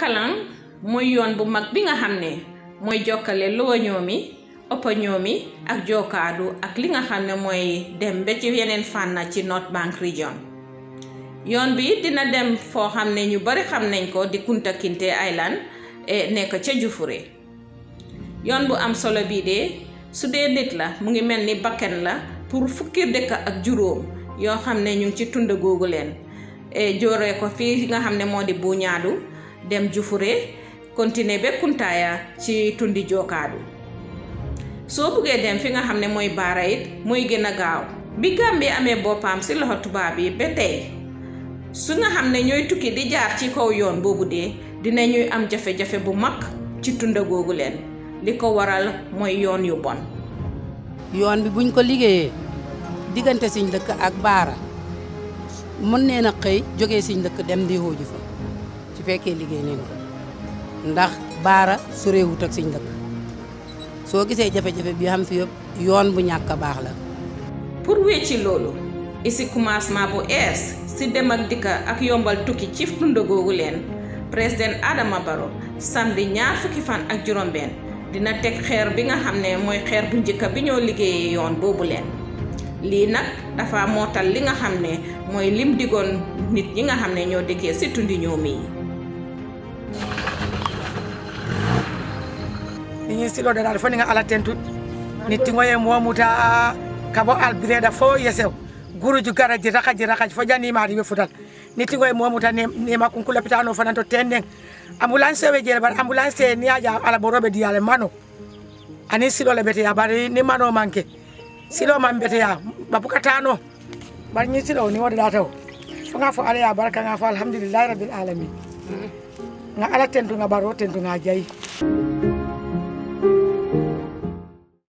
Akalang mooy yoon bu mag bi nga xam ne mooy jokkale Lower Ñoomi Upper Ñoomi ak Jokkaadu ak li nga xam ne mooy dem ba ci yeneen fànn ci North Bank Region yoon bi dina dem foo xam ne ñu bari xam nañ ko di Kunta Kinte Island e, nekk ca Jufure yoon bu am solo bii de su dee nit la mu ngi mel ni bakken la pour fukki dëkk ak juróom yoo xam ne ñu ngi ci tund googu leen e, jooree ko fii nga xam ne moo di Buñaadu dem Jufure continuer ba ci tundi Jokaadu soo buggee dem fi nga xam ne mooy Baara it muy gën a gaaw bi Gàmbi amee boppam si loxo tubaab yi ba tey su nga xam ne ñooy tukki di jaar ci kaw yoon boobu dee dina ñuy am jafe-jafe bu mag ci tunda googu leen li ko waral mooy yoon yu bon. yoon bi buñ ko liggéeyee diggante siñ lëkk ak baara mën nee na xëy jóge siñ lëkk dem di hooju fa ci fekkee liggéey neen ko ndax baara soreewut ak suñ dëkk soo gisee jafe-jafe bi xam fi yëpp yoon bu ñàkk a baax la pour wecci loolu isi commencement bu ees si dem ak dikk ak yombal tukki ci tunda googu leen président Adama Barrow samedi ñaar fukki fan ak juróom-benn dina teg xeer bi nga xam ne mooy xeer bu njëkk bi ñoo liggéeyee yoon boobu leen lii nag dafa mootal li nga xam ne mooy lim digoon nit ñi nga xam ne ñoo dëkkee si tundi ñoo mii iñistiɗo ɗenare fof ni ga ala tentuɗ nittigoye momuta kabo albireɗa fo yesew guruju garaji rakaji rakaji fo janimari ɓe futal nittigoye momuta nema kunkulapitano fanan to ten nden ambulance ɓe jeele bat ambulance ni aja ala ɓoroɓe diyale mano ani siɗole ɓeteya bari ni mano manque siɗo man ɓeteya babukatano bar ñi siɗo ni woɗeɗa taw foga fo alaya barka ga fo alhamdulillahi rabbil alamin ga ala tentuga ɓaro tentuga jaayi